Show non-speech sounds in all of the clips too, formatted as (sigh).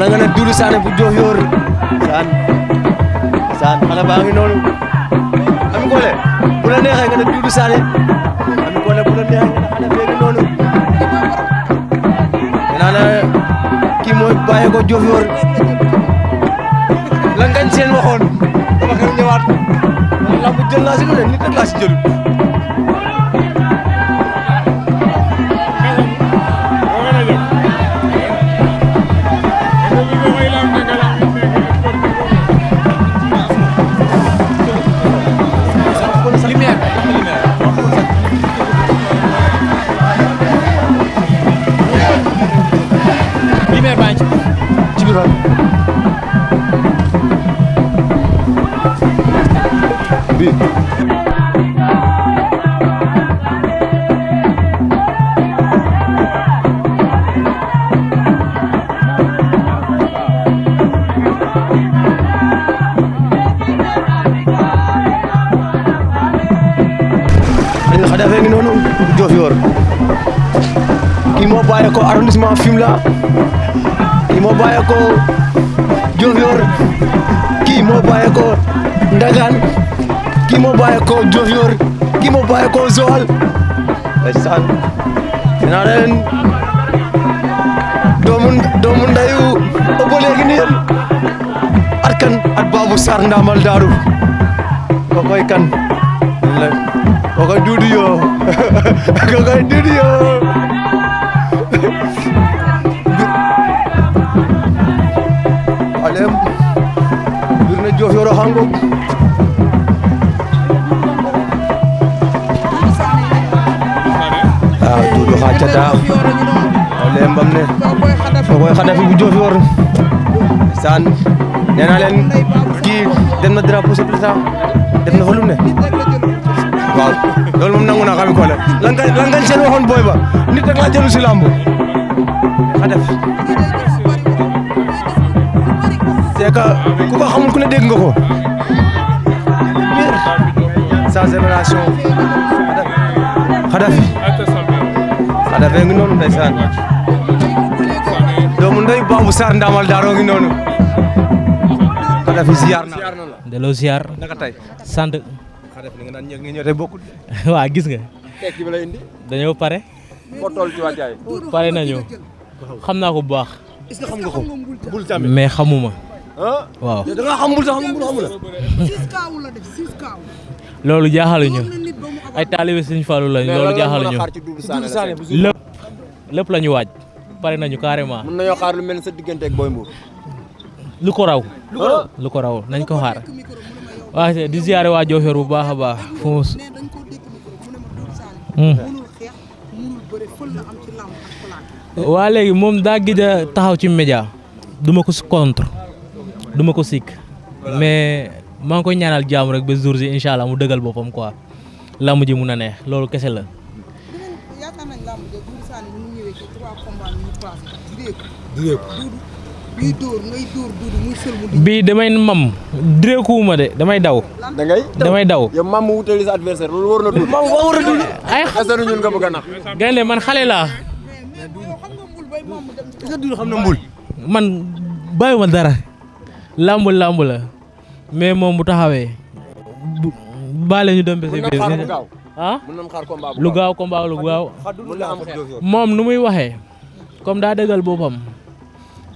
wala nga ne Doudou bu jox yor saan saan xale noonu Ami Collé bu neexee nga ne Doudou Sané Ami Collé neexee nga ne noonu dinaa ne kii mooy bàyyi ko jox yor la ngañ seen waxoon dama koy ñëwaat lamb jël naa si lu ne nit rek bi dafa ngi noonu Diofior kii moo bàyyi ko arrondissement Fimela kii moo bàyyi ko Diofior kii moo bàyyi ko Ndagane kii moo bàyyi ko Diofior kii moo bàyyi ko Joal ndeysaan dinaa leen doomu doomu ndeyu ba léegi nii yéen kan at Babou Sarr ndaamal daaru kokoy kan kokoy duudu yoo (laughs) kokoy duudu yoo (laughs) alem bir na Diofior a xangog oxa cata o lembam ne oxey xada fi bu Diofior saan nena leen kii dem na drapeau chef de l'État na folum ne waaw loolu moom nangu naa xam ko le langan seen waxoon booy ba nit rek laa jëlu si lamb xa def c'est que dégg nga ko sa génération Khadafi dafee ngi noonu ndeysaan doomu ndoy Babou Sarr ndaamal daaroo ngi noonu Khadafi ziar na delloo ziar sant Khadafi li nga naan ñëw nga ñëw gis nga teg bi la indi dañoo pare pare nañu xam naa ko bu baax est nga ko bul tamit mais xamuma waaw loolu nga xam bul ay taalibe Sëriñ Fallou lañ loolu jaaxal ñu lépp lépp la ñu waaj pare nañu carrément. mën nañoo xaar lu mel sa diggante ak Boy ko raw. lu ko raw nañ ko xaar. waa di ziare waa Diofior bu baax a baax fu mu. Hmm. waa léegi moom daa gëj taxaw ci média duma ko si contre duma ko sikk mais maa ngi koy ñaanal jàmm rek be jour si incha allah mu dëggal boppam quoi. làmb ji mun a neex loolu kese la. yaakaar bii damay mam direekuwuma de damay daw. da damay daw. yow mam bëgg a nax. gaynde man xale laa. xam na mbul. man bàyyiwuma dara. làmb làmb la mais moom bu taxawee baale ñu dem ah? ba biir. lu gaaw combat lu gaaw. moom nu muy waxe comme daa dëggal boppam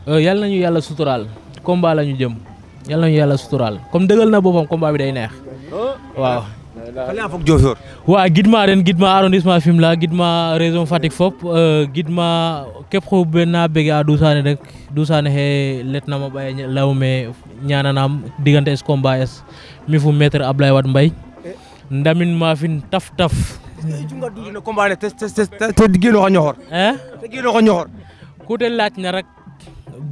euh, yal nañu yàlla suturaal combat la ñu jëm yal yàlla suturaal comme dëggal na boppam combat bi day neex ah. waaw. xale foog Diofior waaw gidma ren gidma arrondissement Fimela gidma région Fatick fop euh, gidma képp xo benna a duusane rek duusane xe letnama ɓaye lawume ñananam digante es combat es mi fu maître Ablaye Wade Mbaye ndamin maafin taf taf jumgaɗuɗine combane te geno xa ñoxor eh? te geno xa ñoxor rek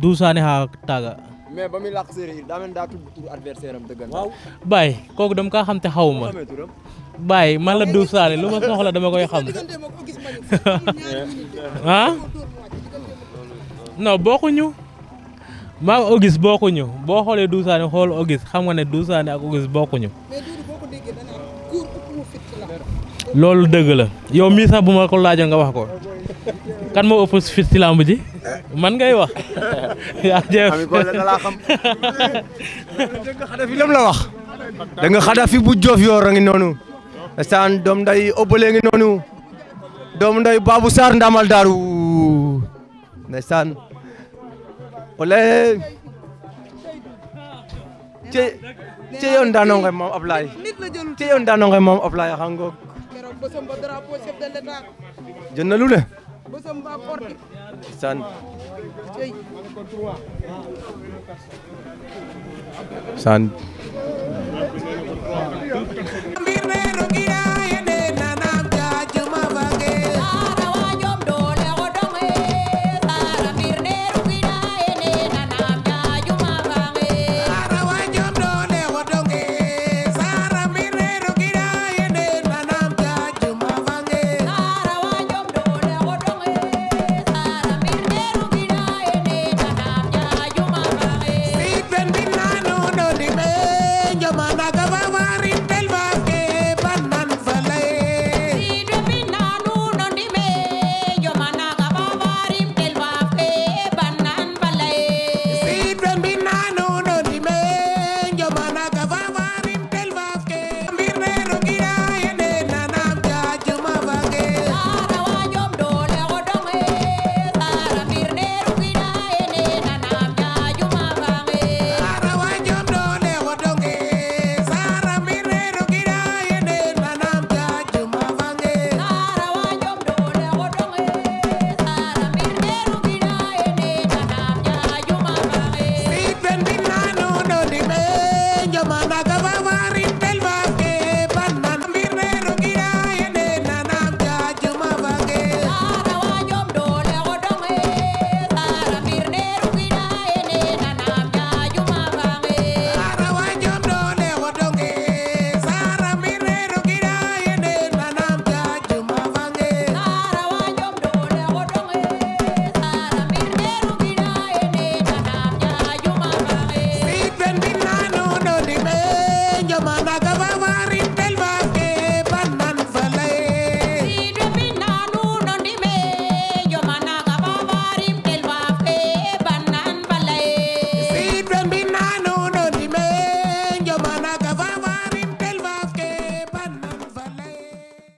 dusane xa taga mais ba muy làq séeréer daa mel daa tudd kooku dama kaa xam te xaw ma Baye man la Diouf Sané lu ma soxla dama koy xam (laughs) ah non bokkuñu maa ma bokkuñu boo boo xoolee Diouf Sané xool Auguste xam nga ne Diouf Sané ak Auguste bokkuñu loolu dëgg la yow mii sax bu ma ko laajoon nga wax ko kan moo ëpp fit ci làmb ji man ngay wax (laughs) yaa jëf lam la wax da nga xadafi bu joof yoor a ngi noonu saan doom nday ëbbalee ngi noonu doom nday Babou Sarr ndamal daaru ndeysaan wala ce ce yoon daanonge moom Ablaye ce yoon daanonge moom Ablaye bësëm ba drapeau chef